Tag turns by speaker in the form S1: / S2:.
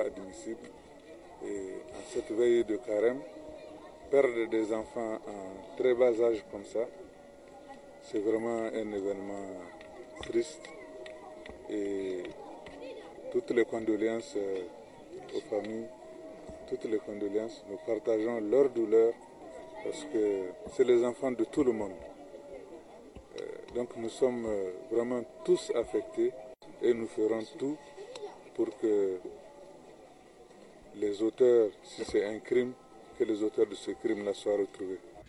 S1: à admissible. Et à cette veille de carême, perdre des enfants en très bas âge comme ça, c'est vraiment un événement triste. Et toutes les condoléances euh, aux familles, toutes les condoléances, nous partageons leur douleur parce que c'est les enfants de tout le monde. Euh, donc nous sommes euh, vraiment tous affectés et nous ferons tout pour que les auteurs, si c'est un crime, que les auteurs de ce crime la
S2: soient retrouvés.